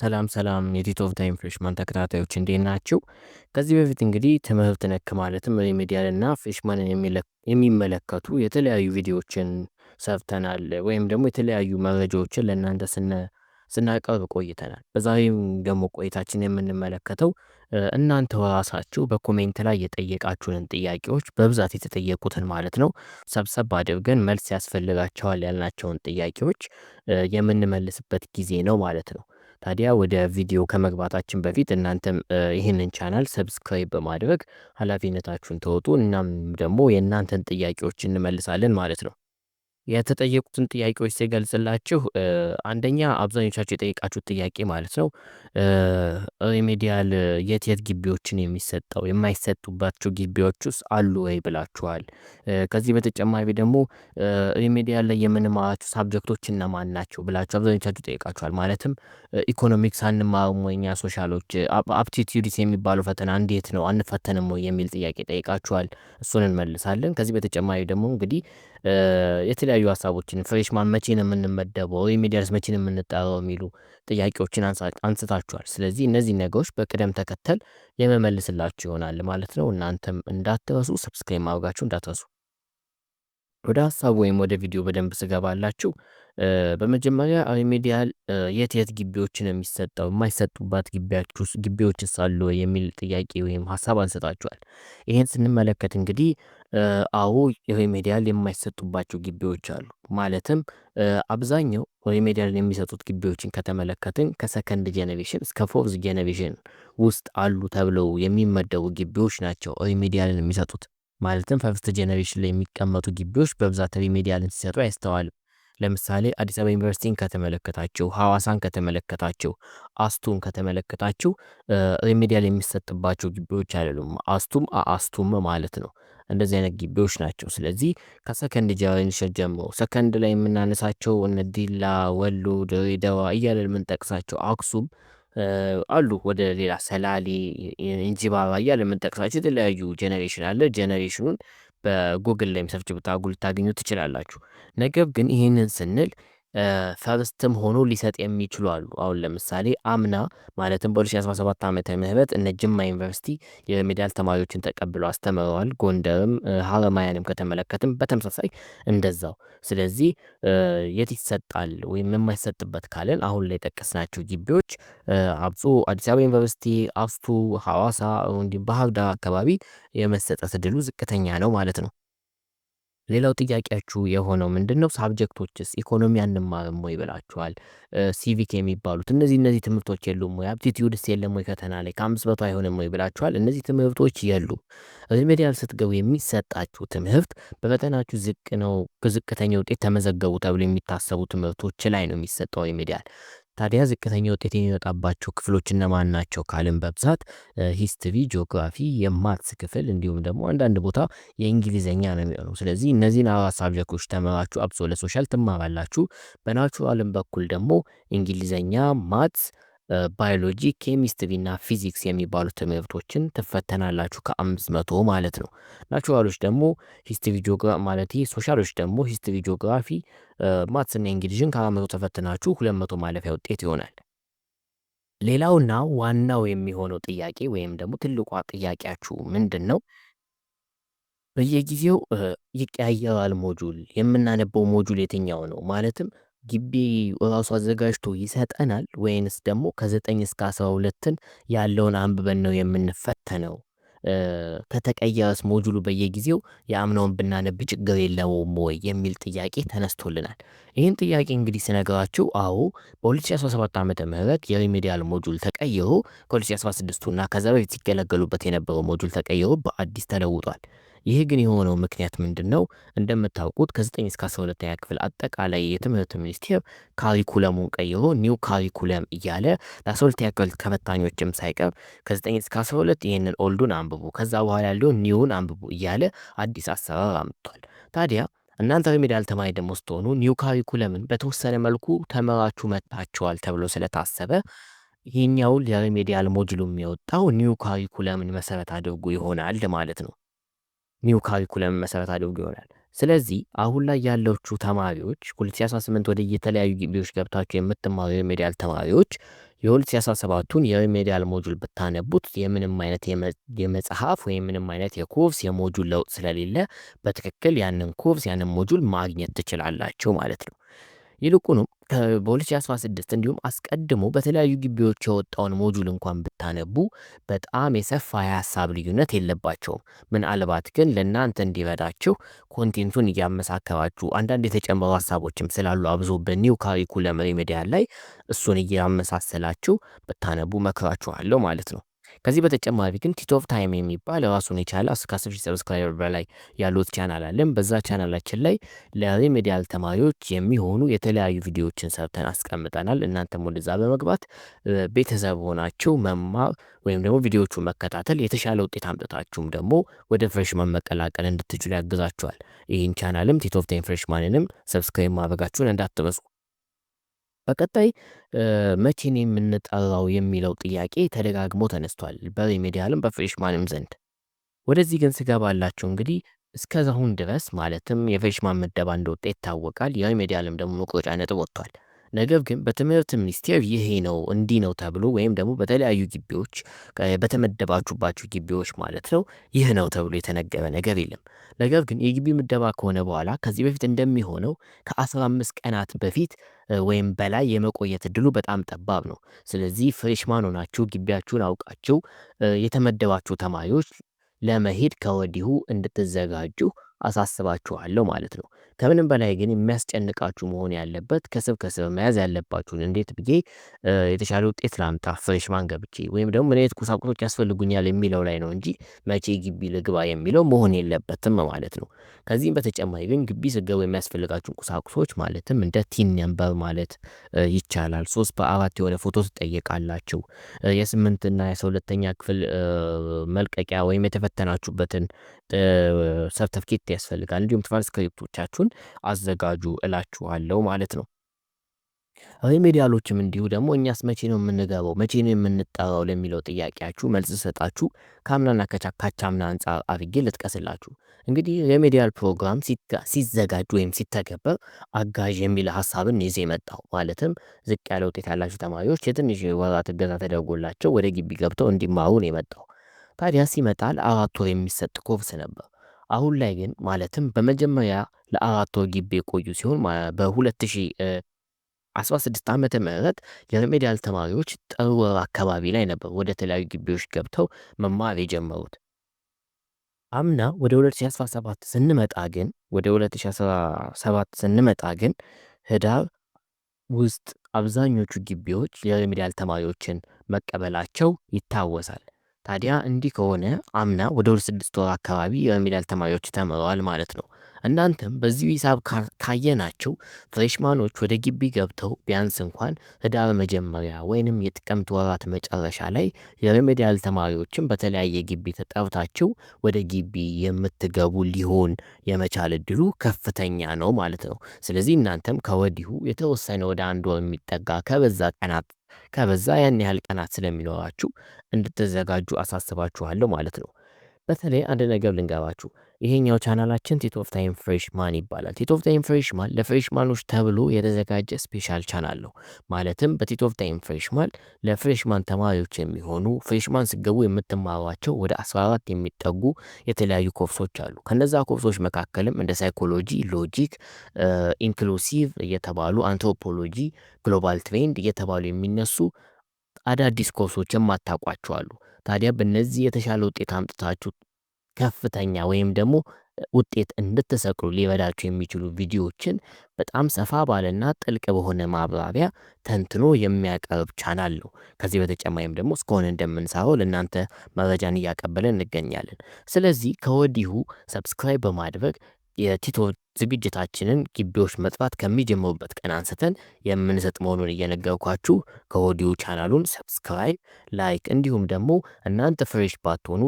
ሰላም ሰላም የቲት ኦፍ ታይም ፍሬሽማን ተከታታዮች እንዴት ናችሁ? ከዚህ በፊት እንግዲህ ትምህርት ነክ ማለትም ሪሜዲያል እና ፍሬሽማንን የሚመለከቱ የተለያዩ ቪዲዮዎችን ሰርተናል ወይም ደግሞ የተለያዩ መረጃዎችን ለእናንተ ስናቀርብ ቆይተናል። በዛሬም ደግሞ ቆይታችን የምንመለከተው እናንተ ራሳችሁ በኮሜንት ላይ የጠየቃችሁንን ጥያቄዎች በብዛት የተጠየቁትን ማለት ነው ሰብሰብ አድርገን መልስ ያስፈልጋቸዋል ያልናቸውን ጥያቄዎች የምንመልስበት ጊዜ ነው ማለት ነው። ታዲያ ወደ ቪዲዮ ከመግባታችን በፊት እናንተም ይህንን ቻናል ሰብስክራይብ በማድረግ ኃላፊነታችሁን ተወጡ። እናም ደግሞ የእናንተን ጥያቄዎች እንመልሳለን ማለት ነው። የተጠየቁትን ጥያቄዎች ሲገልጽላችሁ አንደኛ አብዛኞቻችሁ የጠየቃችሁት ጥያቄ ማለት ነው ሪሜዲያል የት የት ግቢዎችን የሚሰጠው የማይሰጡባቸው ግቢዎች ውስጥ አሉ ወይ ብላችኋል። ከዚህ በተጨማሪ ደግሞ ሪሜዲያል ላይ የምንማራቸው ሳብጀክቶች እነማን ናቸው ብላችሁ አብዛኞቻችሁ ጠየቃችኋል። ማለትም ኢኮኖሚክስ አንማርም ወይ እኛ ሶሻሎች አፕቲቲዩዲስ የሚባለው ፈተና እንዴት ነው አንፈተንም ወይ የሚል ጥያቄ ጠይቃችኋል። እሱን እንመልሳለን። ከዚህ በተጨማሪ ደግሞ እንግዲህ የተለያዩ ሀሳቦችን ፍሬሽማን መቼ ነው የምንመደበው የሚዲያርስ መቼ ነው የምንጠራው የሚሉ ጥያቄዎችን አንስታችኋል። ስለዚህ እነዚህ ነገሮች በቅደም ተከተል የመመልስላችሁ ይሆናል ማለት ነው። እናንተም እንዳትረሱ ሰብስክራይብ ማድረጋችሁ እንዳትረሱ ወደ ሀሳብ ወይም ወደ ቪዲዮ በደንብ ስገባላችሁ በመጀመሪያ ሪሚዲያል የት የት ግቢዎችን የሚሰጠው የማይሰጡባት ግቢዎች አሉ የሚል ጥያቄ ወይም ሀሳብ አንሰጣችኋል። ይህን ስንመለከት እንግዲህ አዎ ሪሚዲያል የማይሰጡባቸው ግቢዎች አሉ። ማለትም አብዛኛው ሪሚዲያል የሚሰጡት ግቢዎችን ከተመለከትን ከሰከንድ ጄኔሬሽን እስከ ፎርዝ ጄኔሬሽን ውስጥ አሉ ተብለው የሚመደቡ ግቢዎች ናቸው ሪሚዲያልን የሚሰጡት። ማለትም ፈርስት ጄኔሬሽን ላይ የሚቀመጡ ግቢዎች በብዛት ሪሜዲያልን ሲሰጡ አይስተዋልም። ለምሳሌ አዲስ አበባ ዩኒቨርሲቲን ከተመለከታችሁ፣ ሐዋሳን ከተመለከታችሁ፣ አስቱን ከተመለከታችሁ ሪሜዲያል የሚሰጥባቸው ግቢዎች አይደሉም። አስቱም አስቱም ማለት ነው። እንደዚህ አይነት ግቢዎች ናቸው። ስለዚህ ከሰከንድ ጀኔሬሽን ጀምሮ ሰከንድ ላይ የምናነሳቸው እነ ዲላ፣ ወሎ፣ ድሬዳዋ እያለን የምንጠቅሳቸው አክሱም አሉ ወደ ሌላ ሰላሌ እንጂባባ እያለ የምንጠቅሳቸው የተለያዩ ጀኔሬሽን አለ። ጀኔሬሽኑን በጉግል ላይም ሰርች ብታጉል ልታገኙ ትችላላችሁ። ነገር ግን ይህንን ስንል ፈርስትም ሆኖ ሊሰጥ የሚችሉ አሉ። አሁን ለምሳሌ አምና ማለትም በ2017 ዓመተ ምህረት እነ ጅማ ዩኒቨርሲቲ የሪሜዲያል ተማሪዎችን ተቀብሎ አስተምረዋል። ጎንደርም ሀረማያንም ከተመለከትም በተመሳሳይ እንደዛው። ስለዚህ የት ይሰጣል ወይም የማይሰጥበት ካለን አሁን ላይ የጠቀስናቸው ግቢዎች አብፁ፣ አዲስ አበባ ዩኒቨርሲቲ፣ አፍቱ፣ ሐዋሳ እንዲሁም ባህር ዳር አካባቢ የመሰጠት እድሉ ዝቅተኛ ነው ማለት ነው። ሌላው ጥያቄያችሁ የሆነው ምንድን ነው? ሳብጀክቶችስ ኢኮኖሚ አንማርም ወይ ብላችኋል። ሲቪክ የሚባሉት እነዚህ እነዚህ ትምህርቶች የሉም ወይ? አፕቲቲዩድስ የለም ወይ? ከተና ላይ ከአምስት መቶ አይሆንም ወይ ብላችኋል። እነዚህ ትምህርቶች የሉ። ሪሜዲያል ስትገቡ የሚሰጣችሁ ትምህርት በፈተናችሁ ዝቅ ነው፣ ከዝቅተኛ ውጤት ተመዘገቡ ተብሎ የሚታሰቡ ትምህርቶች ላይ ነው የሚሰጠው ሪሜዲያል። ታዲያ ዝቅተኛ ውጤት የሚመጣባቸው ክፍሎች እነማን ናቸው ካልን በብዛት ሂስትሪ፣ ጂኦግራፊ፣ የማትስ ክፍል እንዲሁም ደግሞ አንዳንድ ቦታ የእንግሊዝኛ ነው የሚሆነው። ስለዚህ እነዚህን አራት ሳብጀክቶች ተምራችሁ አብሶ ለሶሻል ትማራላችሁ። በናቹራልም በኩል ደግሞ እንግሊዝኛ፣ ማትስ ባዮሎጂ፣ ኬሚስትሪ እና ፊዚክስ የሚባሉ ትምህርቶችን ትፈተናላችሁ ከአምስት መቶ ማለት ነው። ናቹራሎች ደግሞ ሂስትሪ ጂኦግራፊ ማለት ሶሻሎች ደግሞ ሂስትሪ ጂኦግራፊ፣ ማትስና እንግሊዥን ከአራት መቶ ተፈትናችሁ ሁለት መቶ ማለፊያ ውጤት ይሆናል። ሌላውና ዋናው የሚሆነው ጥያቄ ወይም ደግሞ ትልቋ ጥያቄያችሁ ምንድን ነው? በየጊዜው ይቀያየራል ሞጁል። የምናነበው ሞጁል የትኛው ነው ማለትም ግቢ ራሱ አዘጋጅቶ ይሰጠናል ወይንስ ደግሞ ከዘጠኝ እስከ አስራ ሁለትን ያለውን አንብበን ነው የምንፈተነው? ከተቀየረስ ሞጁሉ በየጊዜው የአምናውን ብናነብ ችግር የለውም ወይ የሚል ጥያቄ ተነስቶልናል። ይህን ጥያቄ እንግዲህ ስነግራችሁ አዎ በ2017 ዓ ም የሪሜዲያል ሞጁል ተቀይሮ ከ2016ና ከዛ በፊት ሲገለገሉበት የነበረው ሞጁል ተቀይሮ በአዲስ ተለውጧል። ይህ ግን የሆነው ምክንያት ምንድን ነው? እንደምታውቁት ከ9 እስከ 12ኛ ክፍል አጠቃላይ የትምህርት ሚኒስቴር ካሪኩለሙን ቀይሮ ኒው ካሪኩለም እያለ ለ12ኛ ክፍል ሳይቀር ከ9 እስከ 12 ይህንን ኦልዱን አንብቡ፣ ከዛ በኋላ ያለውን ኒውን አንብቡ እያለ አዲስ አሰራር አምጥቷል። ታዲያ እናንተ ሪሜዲያል ተማሪ ደግሞ ስትሆኑ ኒው ካሪኩለምን በተወሰነ መልኩ ተመራችሁ መጥታችኋል ተብሎ ስለታሰበ ይህኛው ለሪሜዲያል ሞጅሉ የሚወጣው ኒው ካሪኩለምን መሰረት አድርጎ ይሆናል ማለት ነው። ኒው ካሪኩለም መሰረት አድርጎ ይሆናል። ስለዚህ አሁን ላይ ያለችው ተማሪዎች 2018 ወደ የተለያዩ ግቢዎች ገብታችሁ የምትማሩ የሪሜዲያል ተማሪዎች የ2017ቱን የሪሜዲያል ሞጁል ብታነቡት የምንም አይነት የመጽሐፍ ወይም ምንም አይነት የኮርስ የሞጁል ለውጥ ስለሌለ በትክክል ያንን ኮርስ ያንን ሞጁል ማግኘት ትችላላችሁ ማለት ነው። ይልቁንም በ2016 እንዲሁም አስቀድሞ በተለያዩ ግቢዎች የወጣውን ሞጁል እንኳን ብታነቡ በጣም የሰፋ የሀሳብ ልዩነት የለባቸውም። ምናልባት ግን ለእናንተ እንዲበዳችሁ ኮንቴንቱን እያመሳከራችሁ አንዳንድ የተጨመሩ ሀሳቦችም ስላሉ አብዞ በኒው ካሪኩለም ሪሜዲያል ላይ እሱን እያመሳሰላችሁ ብታነቡ መክራችኋለሁ ማለት ነው። ከዚህ በተጨማሪ ግን ቲቶፍ ታይም የሚባል ራሱን የቻለ እስከ 10 ሰብስክራይበር በላይ ያሉት ቻናል አለን። በዛ ቻናላችን ላይ ለሪሜዲያል ተማሪዎች የሚሆኑ የተለያዩ ቪዲዮዎችን ሰርተን አስቀምጠናል። እናንተም ወደዛ በመግባት ቤተሰብ ሆናችሁ መማር ወይም ደግሞ ቪዲዮዎቹን መከታተል የተሻለ ውጤት አምጥታችሁም ደግሞ ወደ ፍሬሽማን መቀላቀል እንድትችሉ ያግዛችኋል። ይህን ቻናልም ቲቶፍ ታይም ፍሬሽማንንም ሰብስክራይብ ማድረጋችሁን እንዳትረሱ። በቀጣይ መቼ የምንጠራው የሚለው ጥያቄ ተደጋግሞ ተነስቷል በሪሜዲያልም በፍሬሽማንም ዘንድ። ወደዚህ ግን ስገባላችሁ እንግዲህ እስከዛሁን ድረስ ማለትም የፍሬሽማን ምደባ እንደወጣ ይታወቃል። የሪሜዲያልም ደግሞ መቁረጫ ነጥብ ወጥቷል። ነገር ግን በትምህርት ሚኒስቴር ይሄ ነው እንዲህ ነው ተብሎ ወይም ደግሞ በተለያዩ ግቢዎች በተመደባችሁባችሁ ግቢዎች ማለት ነው ይህ ነው ተብሎ የተነገረ ነገር የለም። ነገር ግን የግቢ ምደባ ከሆነ በኋላ ከዚህ በፊት እንደሚሆነው ከ15 ቀናት በፊት ወይም በላይ የመቆየት እድሉ በጣም ጠባብ ነው። ስለዚህ ፍሬሽማን ሆናችሁ ግቢያችሁን አውቃችሁ የተመደባችሁ ተማሪዎች ለመሄድ ከወዲሁ እንድትዘጋጁ አሳስባችኋለሁ ማለት ነው። ከምንም በላይ ግን የሚያስጨንቃችሁ መሆን ያለበት ከስብ ከስብ መያዝ ያለባችሁን እንዴት ብዬ የተሻለ ውጤት ላምጣ ፍሬሽማን ገብቼ ወይም ደግሞ ምን አይነት ቁሳቁሶች ያስፈልጉኛል የሚለው ላይ ነው እንጂ መቼ ግቢ ልግባ የሚለው መሆን የለበትም ማለት ነው። ከዚህም በተጨማሪ ግን ግቢ ስገቡ የሚያስፈልጋችሁን ቁሳቁሶች ማለትም እንደ ቲን ነምበር ማለት ይቻላል ሶስት በአራት የሆነ ፎቶ ትጠየቃላችሁ። የስምንትና እና የአስራ ሁለተኛ ክፍል መልቀቂያ ወይም የተፈተናችሁበትን ሰርተፍኬት ማየት ያስፈልጋል። እንዲሁም ትራንስክሪፕቶቻችሁን አዘጋጁ እላችኋለሁ ማለት ነው። ሪሜዲያሎችም እንዲሁ ደግሞ እኛስ መቼ ነው የምንገባው መቼ ነው የምንጠራው ለሚለው ጥያቄያችሁ መልስ ሰጣችሁ ከአምናና ከቻካቻምና አንጻር አድርጌ ልጥቀስላችሁ። እንግዲህ ሬሜዲያል ፕሮግራም ሲዘጋጅ ወይም ሲተገበር አጋዥ የሚል ሀሳብን ይዤ መጣው። ማለትም ዝቅ ያለ ውጤት ያላቸው ተማሪዎች የትንሽ ወራት እገዛ ተደርጎላቸው ወደ ግቢ ገብተው እንዲማሩ ነው የመጣው። ታዲያ ሲመጣል አራት ወር የሚሰጥ ኮርስ ነበር። አሁን ላይ ግን ማለትም በመጀመሪያ ለአራት ወር ግቢ የቆዩ ሲሆን በ2016 ዓመተ ምህረት የሪሜዲያል ተማሪዎች ጥር ወር አካባቢ ላይ ነበር ወደ ተለያዩ ግቢዎች ገብተው መማር የጀመሩት። አምና ወደ 2017 ስንመጣ ግን ወደ 2017 ስንመጣ ግን ህዳር ውስጥ አብዛኞቹ ግቢዎች የሪሜዲያል ተማሪዎችን መቀበላቸው ይታወሳል። ታዲያ እንዲህ ከሆነ አምና ወደ ሁለት ስድስት ወር አካባቢ የሚላል ተማሪዎች ተምረዋል ማለት ነው። እናንተም በዚሁ ሂሳብ ካየናቸው ፍሬሽማኖች ወደ ግቢ ገብተው ቢያንስ እንኳን ህዳር መጀመሪያ ወይንም የጥቅምት ወራት መጨረሻ ላይ የሬሜዲያል ተማሪዎችን በተለያየ ግቢ ተጠርታችሁ ወደ ግቢ የምትገቡ ሊሆን የመቻል እድሉ ከፍተኛ ነው ማለት ነው። ስለዚህ እናንተም ከወዲሁ የተወሰነ ወደ አንድ ወር የሚጠጋ ከበዛ ቀናት ከበዛ ያን ያህል ቀናት ስለሚኖራችሁ እንድትዘጋጁ አሳስባችኋለሁ ማለት ነው። በተለይ አንድ ነገር ልንገባችሁ ይሄኛው ቻናላችን ቲት ኦፍ ታይም ፍሬሽማን ይባላል። ቲት ኦፍ ታይም ፍሬሽማን ለፍሬሽማኖች ተብሎ የተዘጋጀ ስፔሻል ቻናል ነው። ማለትም በቲት ኦፍ ታይም ፍሬሽማን ለፍሬሽማን ተማሪዎች የሚሆኑ ፍሬሽማን ስገቡ የምትማሯቸው ወደ 14 የሚጠጉ የተለያዩ ኮርሶች አሉ። ከነዛ ኮርሶች መካከልም እንደ ሳይኮሎጂ፣ ሎጂክ፣ ኢንክሉሲቭ እየተባሉ አንትሮፖሎጂ፣ ግሎባል ትሬንድ እየተባሉ የሚነሱ አዳዲስ ኮርሶች የማታውቋቸው አሉ። ታዲያ በእነዚህ የተሻለ ውጤት አምጥታችሁ ከፍተኛ ወይም ደግሞ ውጤት እንድትሰቅሉ ሊበዳቸው የሚችሉ ቪዲዮዎችን በጣም ሰፋ ባለና ጥልቅ በሆነ ማብራሪያ ተንትኖ የሚያቀርብ ቻናል ነው። ከዚህ በተጨማሪም ደግሞ እስከሆነ እንደምንሰራው ለእናንተ መረጃን እያቀበለን እንገኛለን። ስለዚህ ከወዲሁ ሰብስክራይብ በማድረግ የቲቶ ዝግጅታችንን ግቢዎች መጥፋት ከሚጀምሩበት ቀን አንስተን የምንሰጥ መሆኑን እየነገርኳችሁ ከወዲሁ ቻናሉን ሰብስክራይብ፣ ላይክ እንዲሁም ደግሞ እናንተ ፍሬሽ ባትሆኑ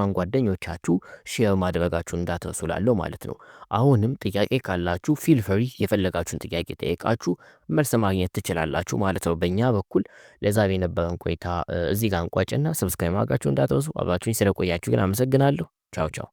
ማን ጓደኞቻችሁ ሼር ማድረጋችሁ እንዳትረሱ ላለው ማለት ነው። አሁንም ጥያቄ ካላችሁ ፊል ፍሪ የፈለጋችሁን ጥያቄ ጠየቃችሁ መልስ ማግኘት ትችላላችሁ ማለት ነው። በእኛ በኩል ለዛሬ የነበረን ቆይታ እዚህ ጋር እንቋጭና ሰብስክራይብ ማድረጋችሁ እንዳትረሱ። አብራችሁኝ ስለቆያችሁ ግን አመሰግናለሁ። ቻው ቻው።